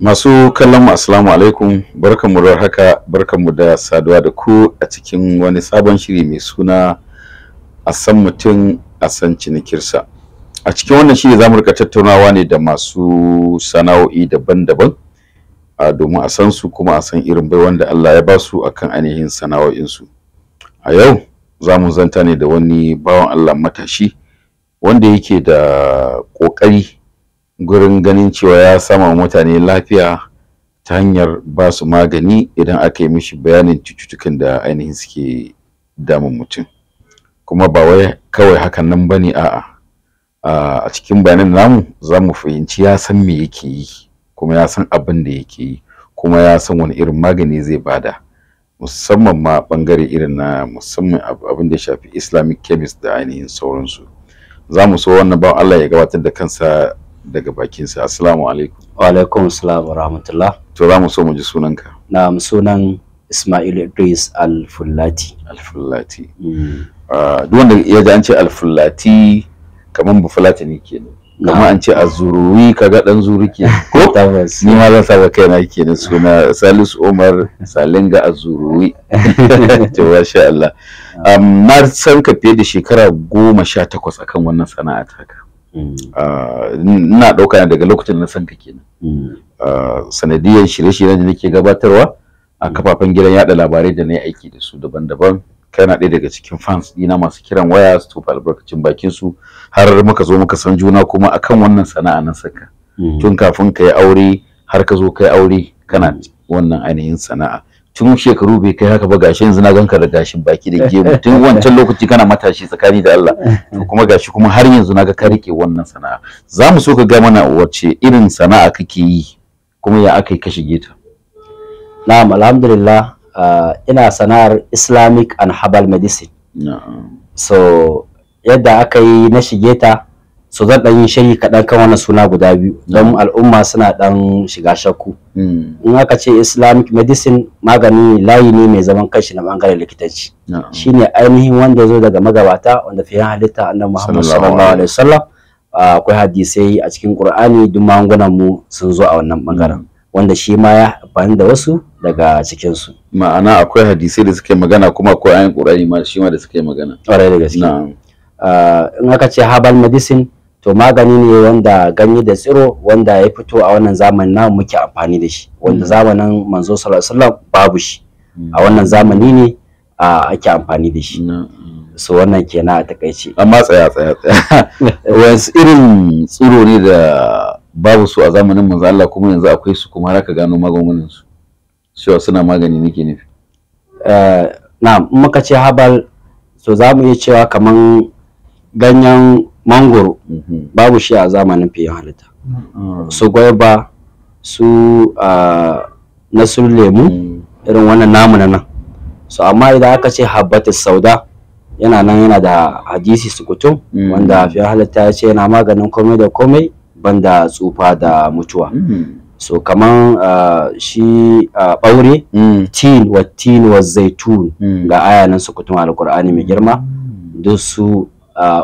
Masu kallon mu assalamu alaikum mu da haka mu da saduwa da ku a cikin wani sabon shiri mai suna a san mutum a san cinikirsa. A cikin wannan shiri za mu rika tattaunawa ne da masu sana'o'i daban-daban domin a san su kuma a san irin bai wanda Allah ya ba su akan ainihin sana'o'insu. A yau za mu zanta ne da wani bawan Allah matashi wanda yake da ƙoƙari gurin ganin cewa ya sama mutane lafiya ta hanyar ba su magani idan aka yi mishi bayanin cututtukan da ainihin suke damun mutum kuma ba wai kawai hakan nan bane a'a a cikin bayanan namu za mu fahimci ya san me yake yi kuma ya san abin da yake yi kuma ya san wani irin magani zai bada musamman ma bangare irin na musamman abin da shafi islamic chemist da ainihin sauransu za mu so wannan ba Allah ya gabatar da kansa daga bakinsa assalamu alaikum wa alaikum assalam wa rahmatullah to za mu so mu ji sunanka na sunan Ismail Idris Al-Fullati Al-Fullati mm. duk wanda ya ji an ce Al-Fullati kaman bufulati ne kenan kamar an ce a zuruwi kaga dan zuru ke ko ni ma zan sa saba kaina kenan suna Salisu Umar Salinga a zuruwi to sha Allah na san ka fiye da shekara goma sha takwas akan wannan sana'a ta ka. Mm. Ah, ina ɗauka daga lokacin na san ka kenan mm. ah, sanadiyar shirye-shiryen da nake gabatarwa a mm. kafafen gidan yada labarai da na yi aiki da su daban-daban kana ɗaya daga cikin fans ɗina masu kiran waya su tofa albarkacin bakin su har muka zo muka san juna kuma akan wannan sana'a na saka tun kafin ka yi aure har ka zo ka yi aure kana wannan ainihin sana'a tun shekaru bai kai haka ba gashi yanzu na ganka da gashin baki da gemu tun wancan lokaci kana matashi tsakani da Allah to kuma gashi kuma har yanzu naga ka rike wannan sana'a za mu so ka ga mana wace irin sana'a kake yi kuma ya aka yi ka shige ta na'am alhamdulillah ah, ina sana'ar islamic and herbal medicine so yadda aka yi na shige ta so zan dan yi shayi kaɗan kan wannan suna guda biyu don mm. al'umma suna dan shiga shakku mm. in aka ce islamic medicine magani layi ne mai zaman kanshi na bangaren likitanci shine ainihin wanda ya zo daga magabata wanda fiye halitta annabi muhammad sallallahu alaihi wasallam akwai hadisai a cikin qur'ani duk magungunan mu sun zo a wannan bangaren mm. wanda shi ma ya amfani da wasu daga cikinsu. Ma'ana akwai hadisai da suke magana kuma akwai ayin qur'ani ma shi ma da suke magana. Ƙwarai da gaske. Ah, in aka ce herbal medicine to magani ne wanda ganye da tsiro wanda ya fito a wannan zamanin na muke amfani da shi wanda mm. zamanin manzo sallallahu alaihi wasallam babu shi mm. a wannan zamani ne ake amfani da shi mm. so wannan kenan a takaice amma tsaya tsaya tsaya wasu irin tsiro ne da babu su a zamanin manzo Allah kuma yanzu akwai su kuma haka gano magungunan su cewa suna magani nake nufi eh, na muka ce habal so za mu iya cewa kaman ganyen mangoro mhm. babu shi a zamanin fiye halitta mm-hmm. su gwaiba su na lemu mm. irin wannan namu na nan so amma idan aka ce habbata sauda yana nan yana da hadisi su kutu, mm. wanda fiye halitta ya ce yana maganin komai da komai banda tsufa da mutuwa mm. so kaman shi ɓaure tin wa tin wa zaitun ga aya nan sukutum alkur'ani mai girma duk su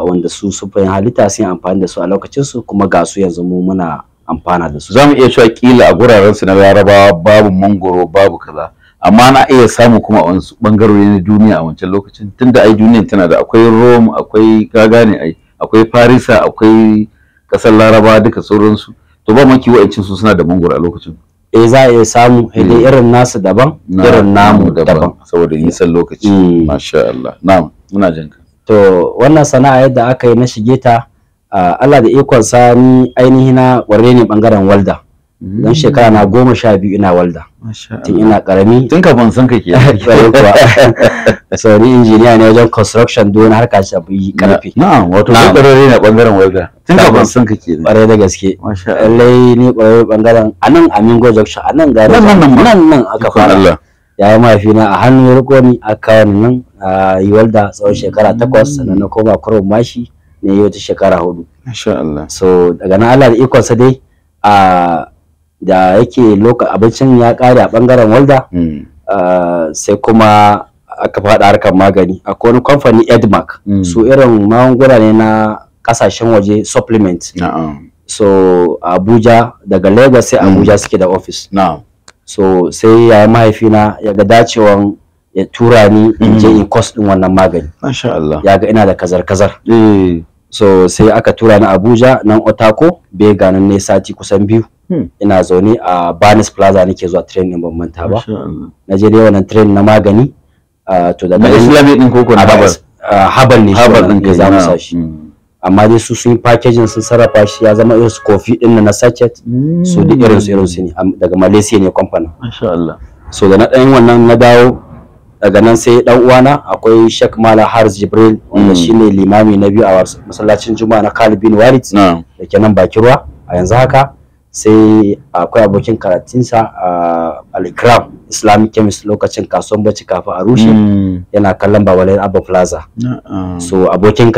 wanda su sufayin halitta sun amfani da su a lokacin su kuma ga su yanzu mu muna amfana da su zamu iya cewa kila a guraren su na larabawa babu mangoro babu kaza amma na iya samu kuma a wasu bangarori na duniya a wancan lokacin tunda ai duniya tana da akwai Rome akwai gagane ai akwai Farisa akwai kasar Larabawa duka sauransu to ba maki wa'ancin su suna da mangoro a lokacin eh za a iya samu dai hmm. irin nasu daban irin namu daban saboda nisan lokaci hmm. masha Allah na'am muna jinka to wannan sana'a yadda aka yi na shige ta Allah da ikon sa ni ainihi na ware ne bangaren walda don shekara na goma sha biyu ina walda tun ina karami tun kafin sun ka ke kwarai kuwa so ni injiniya ne wajen construction don harka shi abu yi karfe na'am wato ni kwararre ne bangaren walda tun kafin sun ka ke kwarai da gaske Allah ni kwararre bangaren anan amin gojo a nan gari nan nan nan aka fara yayi mahaifina a hannun ya riko ni a kawo nan a yiwal da tsawon shekara takwas sannan na koma kurun mashi ne yau ta shekara hudu so daga nan Allah da ikon dai a da yake lokacin abincin ya kare a bangaren walda hmm. sai kuma aka faɗa harkar magani akwai wani kamfani edmark hmm. su irin magunguna ne na kasashen waje supplement so abuja daga lagos sai hmm. abuja suke da ofis. so sai ya mahaifina ya ga dacewan ya tura ni in je mm. in course din wannan magani masha Allah ya ga ina da kazar kazar eh. so sai aka tura ni Abuja nan Otako be ganin ne sati kusan biyu hmm. ina zaune a Barnes Plaza nake zuwa train ban manta ba na je dai wannan train na magani ah, to da Islamic din koko na Habal ah, Habal ne Habal din ke zamu sashi hmm. amma dai su sun yi packaging sun sarrafa shi ya zama irin su kofi din na sachet so da hmm. irin su irin su ne daga Malaysia ne kamfanin masha Allah so da na dan wannan na dawo daga nan sai dan uwana akwai Sheikh Mala harz Jibril wanda hmm. shine limami na biyu a masallacin Juma'a na kalbin bin Walid da ke nan Bakirwa a yanzu haka sai akwai abokin karatunsa a alikram islamic chemist lokacin kasuwan bacci kafin a rushe hmm. yana kallon babalai abba plaza so abokin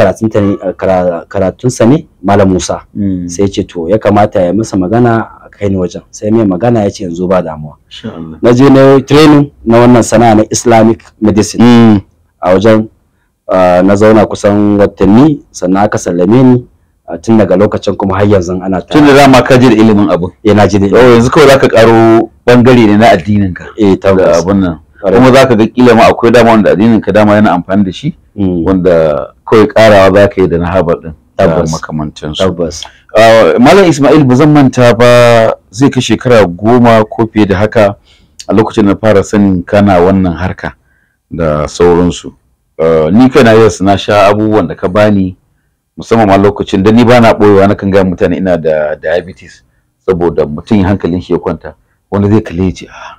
karatunsa ne malam musa hmm. sai ce to ya kamata ya masa magana a kai ni wajen sai mai magana ya ce yanzu ba damuwa na je na training na wannan sana'a na islamic medicine hmm. a wajen na zauna kusan watanni sannan aka sallame ni tun daga lokacin kuma har yanzu ana ta tun da dama ka ji da ilimin abu eh na ji da ilimin oh, yanzu kawai zaka karo bangare ne na addinin ka eh da abun nan kuma zaka ga kila ma akwai dama wanda addinin ka dama yana amfani da shi mm. wanda kawai karawa zaka yi da na habar din tabbas makamantan su tabbas ah, malam Ismail ba zan manta ba zai kai shekara goma ko fiye da haka a lokacin da fara sanin kana wannan harka da sauransu ah, ni kai na yes na sha abubuwan da ka bani musamman ma lokacin da ni bana boyewa kan ga mutane ina da diabetes saboda mutum hankalin shi ya kwanta wanda zai kalle ya ce ah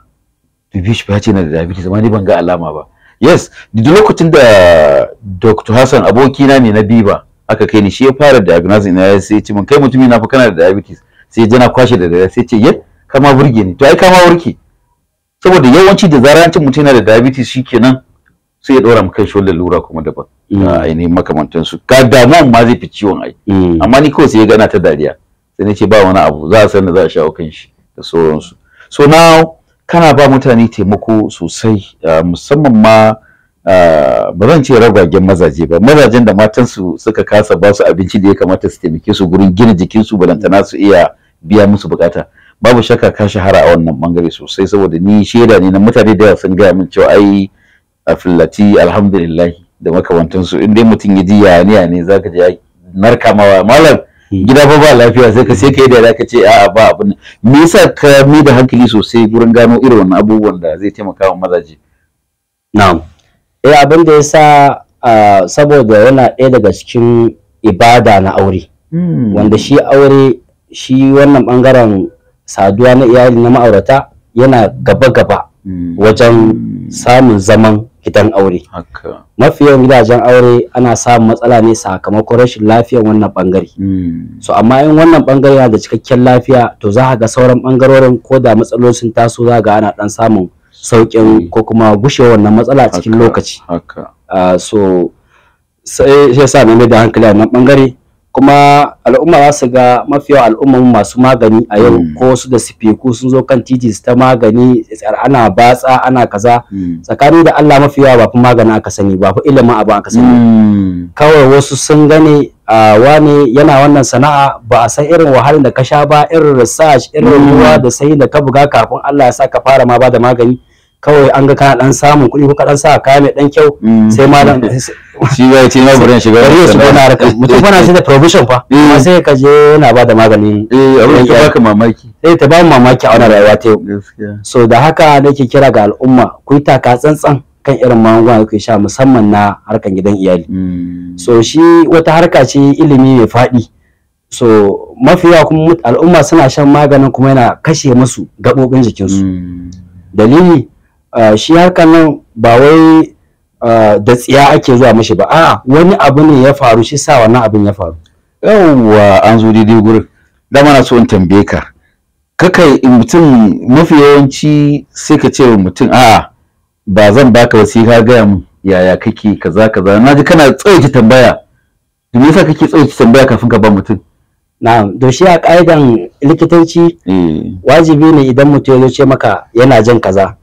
bibish ba ce na da diabetes amma ni ban ga alama ba yes da lokacin da dr hassan na ne na biba aka kai ni shi ya fara diagnosis ina sai ya ce mun kai mutumi na fa kana da diabetes sai jana kwashe da dare sai ce yet kama burge ni to ai kama warke saboda yawanci da zarar mutum yana da diabetes shikenan sai ya dora mu kan shi lura kuma daban ainihin makamantan su ka damuwan ma zai fi ciwon ai mm. amma ni kawai sai ya gana ta dariya sai na ce ba wani abu za a san za a shawo kan shi da sauransu so now kana ba mutane taimako sosai ah, musamman ma ah, ba zan ce ragwagen mazaje ba mazajen da matan su suka kasa ba su abinci da ya kamata su taimake su gurin gina jikin jikinsu balantana su iya biya musu bukata babu shakka ka shahara a wannan bangare sosai saboda ni shaida ne na mutane da sun gaya min cewa ai A fillati alhamdulillah da makamantan in dai mutum ya ji yaniya ne ka ji narka mawa malam hmm. gida fa ba lafiya sai ka sai kai da zaka ce a'a ba abin me yasa ka mi da hankali sosai gurin gano irin wannan abubuwan da zai taimaka wa mazaje na'am eh abin da yasa saboda yana ɗaya daga cikin ibada na aure hmm. wanda shi aure shi wannan bangaren saduwa na iyali na ma'aurata yana gaba gaba Mm. wajen mm. samun zaman gidan aure mafiyan gidajen aure ana samun matsala ne sakamakon rashin lafiyar wannan bangare mm. so amma in wannan bangare yana da cikakken lafiya to za ka ga sauran bangarorin ko da matsalolin sun taso za ga ana dan samun saukin ko kuma gushe wannan matsala cikin lokaci ah, so sai sa na da hankali a nan bangare kuma al'umma za su ga mafi yawa al'umman masu magani a yau mm. ko su da sifiku sun zo kan titi su ta magani ana batsa ana kaza mm. Tsakanin da Allah mafi yawa ba fi magani aka sani ba fi ilimin abu aka sani mm. kawai wasu sun gane a wani yana wannan sana'a ba a san irin wahalar da ka sha ba irin research irin ruwa da sai da ka buga kafin Allah ya sa ka fara ma ba da magani kawai an ga kana dan samun kuɗi ko ka dan sa kaya mai dan kyau mm. sai malam shi ya ce na burin shiga bari su gona harkar mutum bana shi da provision fa eh. amma sai ka je yana ba da magani eh abin da baka mamaki eh ta ba mu mamaki a wannan rayuwa ta yau so da haka nake kira ga al'umma ku yi taka tsantsan kan irin magunguna da kuke sha musamman na harkar gidan iyali mm. so shi wata harka ce ilimi mai faɗi so yawa kuma al'umma suna shan maganin kuma yana kashe musu gaɓoɓin jikinsu mm. dalili Ah, shi harkan nan ba wai ah, da tsiya ake zuwa mashi ba a'a wani abu ne ya faru shi sa wannan abin ya faru yauwa an zo daidai gurin da mana so in tambaye ka kakai mutum mafi yawanci sai ka ce mutum a'a ba zan baka ba sai ka gaya mu yaya kake kaza kaza na ji kana tsawaita tambaya to me yasa kake tsawaita tambaya kafin ka ba mutum na'am to shi a ka'idan likitanci eh. wajibi ne idan mutum ya zo ce maka yana jin kaza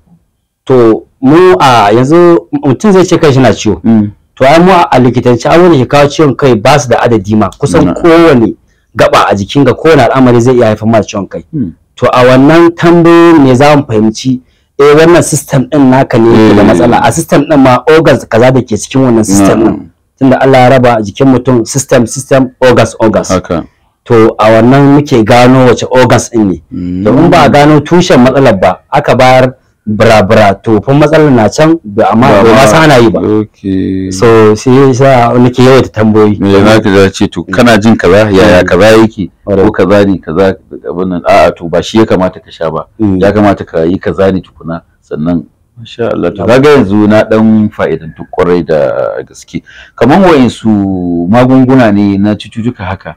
to mu a yanzu mutum zai ce kai shi na ciwo mm. to ai mu a likitanci an wani ke ciwon kai ba su da adadi ma kusan kowane gaba a jikin ga kowane al'amari zai iya haifar ma ciwon kai mm. to a wannan tambayi ne za mu fahimci eh wannan system din naka ne yake da mm. matsala a system din ma organs kaza da ke cikin wannan system din tunda Allah ya raba jikin mutum system system organs organs to a wannan muke gano wace organs din ne mun ba gano tushen matsalar ba aka bayar bra-bra to fa matsalar na can da amma ba ma sana yi ba so shi yasa nake yawaita tambayoyi me za ka za ce to kana jin kaza yaya mm. kaza yake ko kaza ne kaza abin nan a'a to ba shi ya kamata ka sha ba mm. ya kamata ka yi kaza ne tukuna sannan Masha Allah to kaga yanzu na dan fa'idantu kwarai da gaske kaman wayansu magunguna ne na cututtuka haka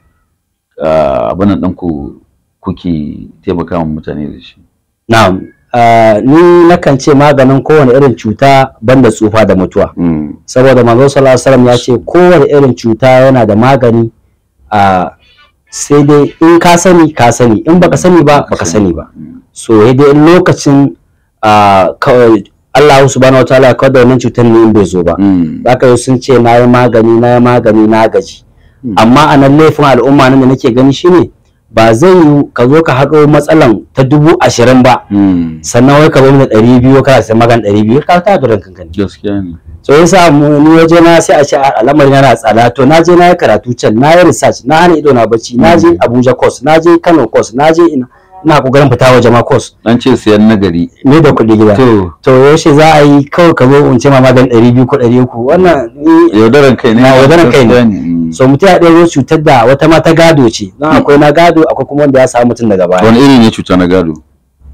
ah, abin nan ɗan ku kuke taimaka mutane da shi na'am Ah, ni nakan ce maganin kowane irin cuta banda tsufa da mutuwa hmm. saboda manzo sallallahu alaihi wasallam ya ce kowane irin cuta yana da magani a ah, sai dai in ka sani ka sani in baka sani ba baka sani ba hmm. so sai dai lokacin ah, Allah subhanahu wa ta'ala kawai da wannan cutar ne in bai zo ba hmm. zaka yi sun ce na yi magani na yi magani na gaji amma a nan laifin al'umma nan da nake gani shine ba zai yi ka zo ka haɗo matsalan ta dubu ashirin ba hmm. sannan wai ka zo da ɗari biyu kana sai magan ɗari biyu ka ta duran kankan gaskiya ne so yasa mu ni waje na sai a ce al'amari yana tsada to na je na yi karatu can na yi research na hana ido na bacci na je hmm. Abuja course na je Kano course na je ina ina kokarin fita waje ma course dan ce siyan nagari ni da kuɗi gida to to yaushe za a yi kawai ka zo in ce ma maganin ɗari biyu ko ɗari uku wannan ni yaudaran kai ne yaudaran kai ne so mutum ya ɗaya cutar da wata mata gado ce na hmm. akwai na gado akwai kuma wanda ya samu mutum daga baya wani iri ne cuta na gado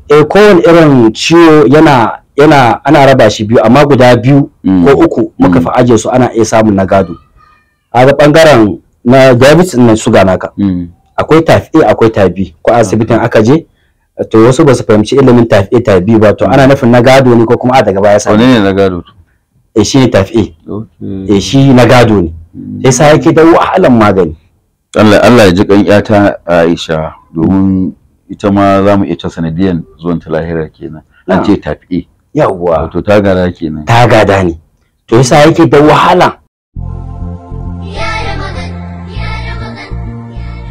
eh kowane irin ciwo yana yana ana raba shi biyu amma guda biyu hmm. ko uku muka hmm. fi ajiye su ana iya samun na gado a ga bangaren na diabetes na suga naka akwai tafi akwai tabi ko hmm. asibitin aka je to wasu ba su fahimci ilimin tafi tabi ba to ana nufin na gado ne ko kuma a daga baya sai ne na gado eh shi ne tafi eh shi na gado ne hmm. sai sa yake da wahalan magani Allah Allah ya ji kan yata Aisha domin ita ma za mu ita sanadiyan zuwan ta lahira kenan an ce tafi yawwa to ta gada kenan ta gada ne to sai yake da wahalan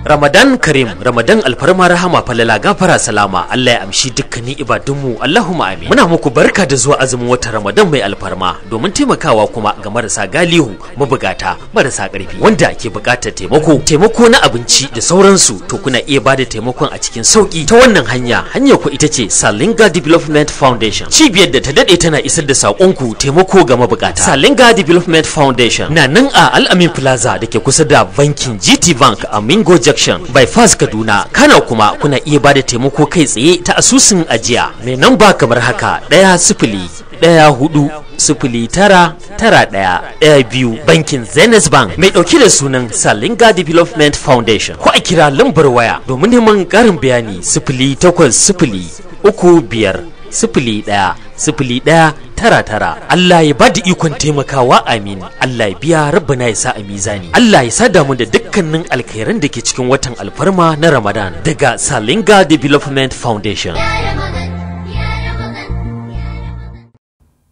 Ramadan Karim, Ramadan alfarma rahama falala gafara salama, Allah ya amshi dukkanin ibadunmu, Allahumma amin. Muna muku barka da zuwa azumin watan Ramadan mai alfarma domin taimakawa kuma ga marasa galihu, mabugata, marasa karfi wanda ke buƙatar taimako, taimako na abinci da sauransu, to kuna iya bada taimakon a cikin sauki Ta wannan hanya, hanya ku ita ce Salinga Development Foundation, cibiyar da ta dade tana isar da saƙonku taimako ga mabukata. Salinga Development Foundation na nan a Al-Amin Plaza dake kusa da bankin GT Bank a Mingo injection by Fas Kaduna kana kuma kuna iya bada taimako kai tsaye ta asusun ajiya mai ba kamar haka ɗaya sifili ɗaya hudu sifili tara tara ɗaya ɗaya biyu bankin Zenith Bank mai ɗauke da sunan Salinga Development Foundation ko a kira lambar waya domin neman karin bayani sifili takwas sifili uku biyar sifili ɗaya sifili ɗaya tara tara Allah ya bada ikon taimakawa amin Allah ya biya rabbana ya sa a mizani Allah ya sada mu da dukkanin alkhairan da ke cikin watan alfarma na Ramadan daga Salinga Development Foundation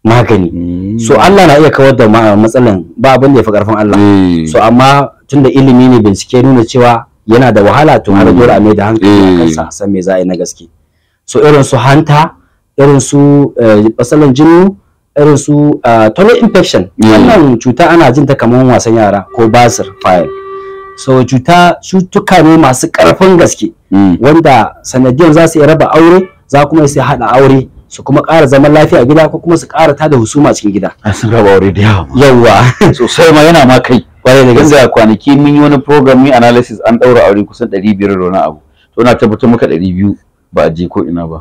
magani so Allah na iya kawar da matsalan ba abin da ya fi karfin Allah eh. so amma tunda ilimi ne bincike nuna cewa yana da wahala to har dole a mai da hankali a eh. kansa san me za a yi na gaske so irin su hanta irin su basalan eh, jini irin su eh, infection mm. wannan cuta ana jin ta kamar wasan yara ko basir file so cuta cutuka ne masu karfin gaske mm. wanda sanadiyar za su iya raba aure za kuma su haɗa aure su kuma ƙara zaman lafiya gida ko kuma su ƙara tada husuma cikin gida sun raba aure da yawa yawa sosai ma yana ma kai kwarai da gaske kwanaki mun yi wani program mun analysis an ɗaura aure kusan biyar da wani abu to na tabbatar maka biyu ba a je ko ina ba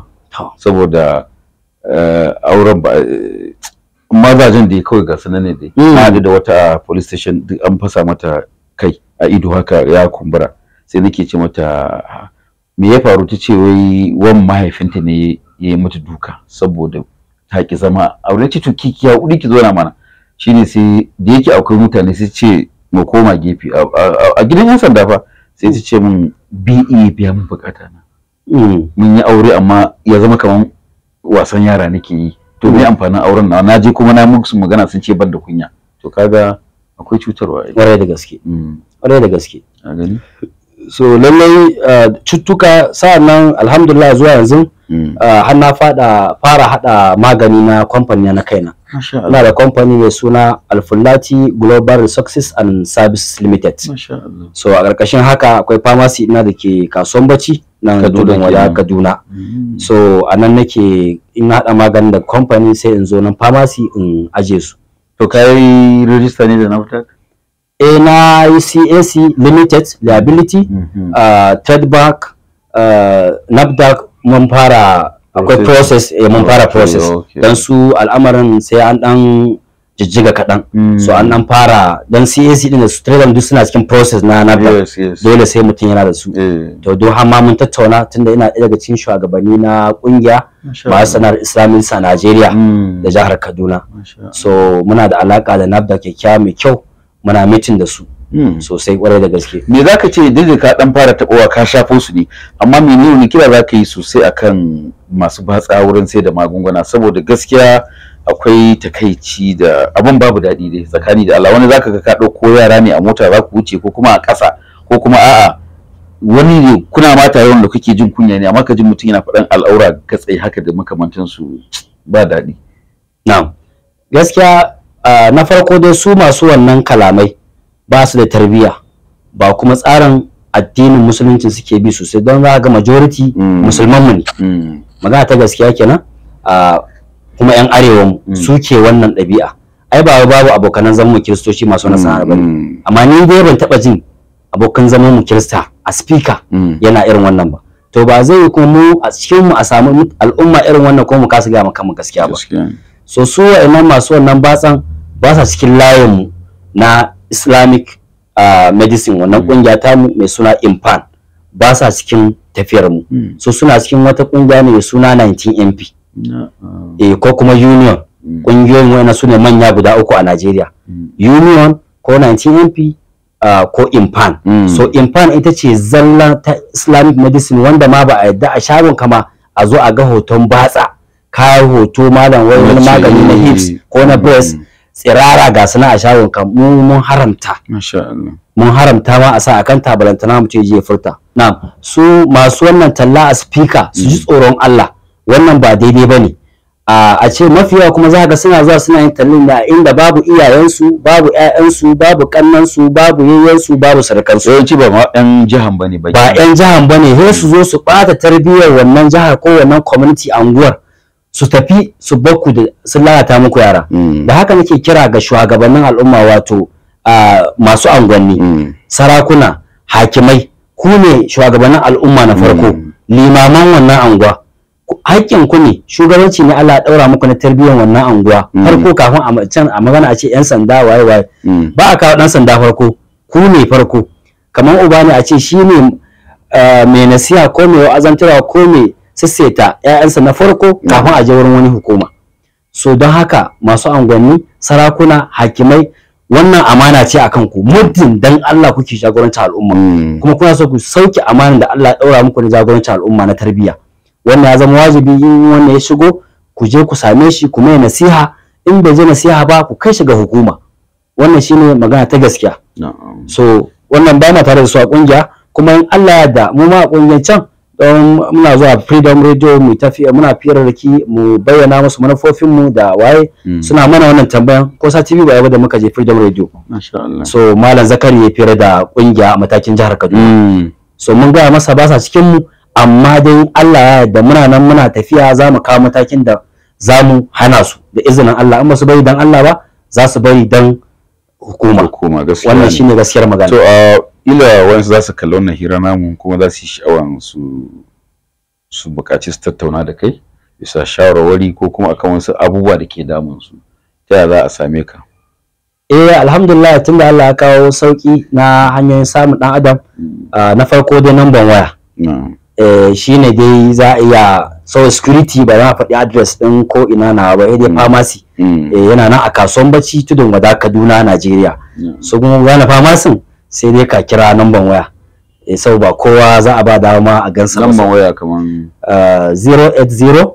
saboda eh, auren ba eh, mazajen da ya kawai ga sanan ne dai hmm. haɗu da wata police station duk an fasa mata kai a ido haka ya kumbura sai nake ce mata me ya faru ta ce wai wan mahaifinta ne ya yi mata duka saboda ta ki zama aure ce to kiki ya ki zo na mana shine sai da yake akwai mutane sai ce mu koma gefe a gidan yan sanda fa sai ta ce min BE biya mun bukata na Eh, mun yi aure amma ya zama kaman wasan yara nake yi to me hmm. amfanin auren na je kuma na musu magana sun ce ban da kunya to kaga akwai cutarwa ƙwarai da gaske hmm. ƙwarai da gaske A so lallai ah, cuttuka sa'annan alhamdulillah zuwa yanzu Mm. Ah, har na fada fara hada magani na kamfani na kaina ina da kamfani mai suna alfullati global resources and services limited so a ƙarƙashin haka akwai pharmacy ina da ke kasuwan bacci na tudun wada kaduna mm. so a nan nake in hada maganin da kamfani sai in zo nan pharmacy in aje su to kai register ne da naftak eh, A na cac limited liability mm -hmm. uh, uh, mun fara akwai process eh mun fara process dan su al'amarin sai an dan jijjiga kaɗan mm. so an dan fara dan CAC din da su trader duk suna cikin process na na dole sai mutum yana da su eh. to don har ma mun tattauna tunda ina ɗaya daga cikin shugabanni na ƙungiya masu sanar Islamic sa Najeriya mm. da jihar Kaduna so muna da alaka da nabda kyakkyawa mai kyau muna meeting da su Hmm. sosai kwarai da gaske me zaka ce duk ka dan fara tabowa ka shafo su ne amma menene ne kira zaka yi sosai akan masu batsa wurin sai da magunguna saboda gaskiya akwai takaici da abin babu daɗi dai tsakani da Allah wani zaka ga ka ɗauko yara ne a mota za ku wuce ko kuma a ƙasa ko kuma a'a wani ne kuna ma tare wanda kuke jin kunya ne amma ka ji mutum yana faɗan al'aura gatsai haka da makamantan su ba daɗi na'am gaskiya ah, na farko dai su masu wannan kalamai ba su da tarbiyya ba kuma tsarin addinin musulunci suke bi sosai don za ga majority mm. musulman mu ne mm. magana ta gaskiya kenan kuma yan arewa mu mm. suke wannan ɗabi'a ai ba babu abokan zaman mu kiristoci masu nasara ba amma ni dai ban taba jin abokan zaman mu kirista a speaker yana irin wannan ba to ba zai yi kuma mu a cikin mu a samu al'umma irin wannan ko mu kasa ga kanmu gaskiya ba so su wa'annan masu wannan batsan ba sa cikin layin mu na islamic uh, medicine wannan hmm. kungiya ta mai suna impan ba sa cikin tafiyar mu hmm. so suna cikin wata kungiya mai suna 19 mp ah. eh ko kuma union hmm. kungiyoyin wani su ne manya guda uku a Najeriya union ko 19 mp Uh, ko impan mm. so impan ita ce zallan ta islamic medicine wanda ma ba a yadda a shagon kama a zo a ga hoton batsa kayan hoto malam wani magani na hips ko na breast tsirara ga suna a shagon ka mu mun haramta mun haramta ma a sa akan tabalantana mu ce je furta na'am su masu wannan talla a speaker su ji mm. tsoron Allah wannan ba daidai bane a ce mafiya kuma za ga suna zuwa suna yin tallin da inda babu iyayensu babu ƴaƴansu babu kannansu babu yayyansu babu sarkansu yawanci ba ma ƴan jihan bane ba ba ɗan jihan bane sai su zo su ɓata tarbiyyar wannan jihar ko wannan community anguwar su tafi su bakku da sun lalata muku yara mm. da haka nake kira ga shugabannin al'umma wato masu angwanni mm. sarakuna hakimai ku ne shugabannin al'umma na farko mm. limaman wannan anguwa hakkin ku ne shugabanci ne Allah daura muku na tarbiyyar wannan anguwa farko kafin a can a magana a ce yan sanda waye waye ba a kawo dan sanda farko ku ne farko kamar uba ne a ce shi ne mai nasiha ko mai wa'azantarwa ko mai sisseta ƴaƴansa na farko kafin a je wurin wani hukuma so don haka masu angwanni sarakuna hakimai wannan amana ce akan ku muddin dan Allah kuke jagoranci al'umma mm. kuma kuna so ku sauke amanar da Allah ya daura muku na jagoranci al'umma na tarbiyya wannan ya zama wajibi in wannan ya shigo ku je ku same shi ku mai nasiha in bai je nasiha ba ku kai shi ga hukuma wannan shine magana ta gaskiya so wannan ba na tare da su a kungiya kuma in Allah ya da mu ma a kungiyar can don muna zuwa freedom radio mu tafiya muna firarraki mu bayyana musu manufofin mu da waye hmm. suna mana wannan tambayan ko sa TV ba da muka je freedom radio so malam zakari ya fira da kungiya a matakin jihar Kaduna hmm. so mun gaya masa ba sa cikin mu amma dai Allah da muna nan muna tafiya za mu kawo matakin da za mu hana su da izinin Allah in ba su bari dan Allah ba za su bari dan hukuma gaskiya wannan shine gaskiyar magana uh, ila wani za su kalli wannan hira namu kuma za su yi sha'awan su su buƙaci su tattauna da kai bisa shawarwari ko kuma akan wasu abubuwa da ke damun su ta yaya za a same ka eh alhamdulillah tunda Allah ya kawo sauki na hanyoyin samun dan adam hmm. ah, na farko dai namban waya eh shine dai za a iya so security ba za a faɗi address ɗin ko ina na ba dai hmm. pharmacy hmm. eh yana nan a kasuwan bacci tudun wada Kaduna Najeriya so kuma na pharmacy sai dai ka kira namban waya eh sau ba kowa za a ba dama a gansa namban waya kaman 080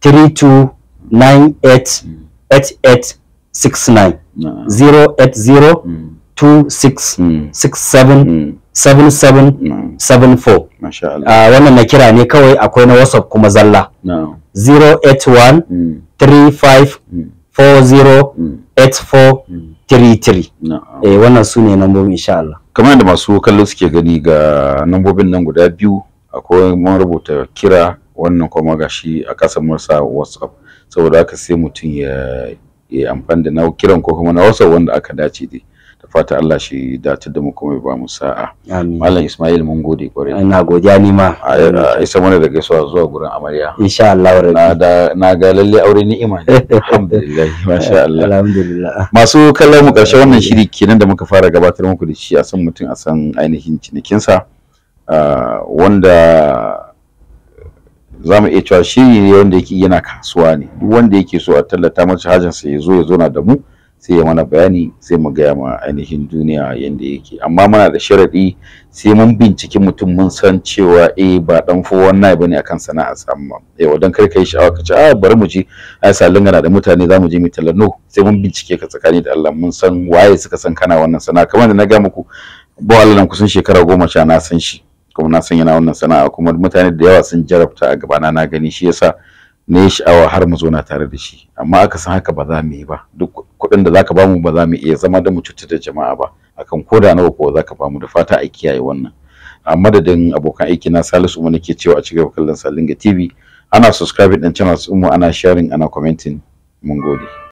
32 98 8869 080 26677774 wannan na kira ne kawai akwai na whatsapp kuma zalla 081 35 40 84 tiri eh wannan su ne nambobin insha Allah kamar yadda masu kallo suke gani ga nambobin nan guda biyu akwai mun rubuta kira wannan kuma gashi a kasan masa WhatsApp saboda haka sai mutum ya amfani da na kiran ko kuma na WhatsApp wanda aka dace dai da fata Allah shi dace da mu kuma ba mu sa'a Malam Ismail mun gode kware ina godiya ni ma isa mana da suwa zuwa gurin amarya insha Allah na da na ga lalle aure ni'ima ne alhamdulillah masha Allah alhamdulillah masu kallon mu karshe wannan shiri kenan da muka fara gabatar muku da shi a san mutum a san ainihin cinikin sa wanda za mu iya cewa shiri ne wanda yake yana kasuwa ne duk wanda yake so a tallata masa hajinsa ya zo ya zo na da mu sai ya mana bayani sai mu gaya ma ainihin duniya yadda yake amma muna da sharaɗi sai mun binciki mutum mun san cewa eh ba dan fo wannan bane akan sana'a amma eh wadan kar kai sha'awa ka ce a ah, bari mu ji ai salin gana da mutane zamu je mu tallano sai mun bincike ka tsakani da Allah mun san waye suka san kana wannan sana'a kamar da na ga muku ba Allah nan kusan shekara goma sha na san shi kuma na san yana wannan sana'a kuma mutane da yawa sun jarabta a gabana na gani shi yasa na yi sha'awa har mu zo na tare da shi amma aka san haka ba za mu yi ba duk kuɗin da zaka bamu ba za mu iya zama da mu cutar da jama'a ba akan koda nawa ko zaka mu da fata a kiyaye wannan a madadin abokan aiki na Salisu mu nake cewa a ci gaba kallon Salinga TV ana subscribing din channel mu ana sharing ana commenting mun gode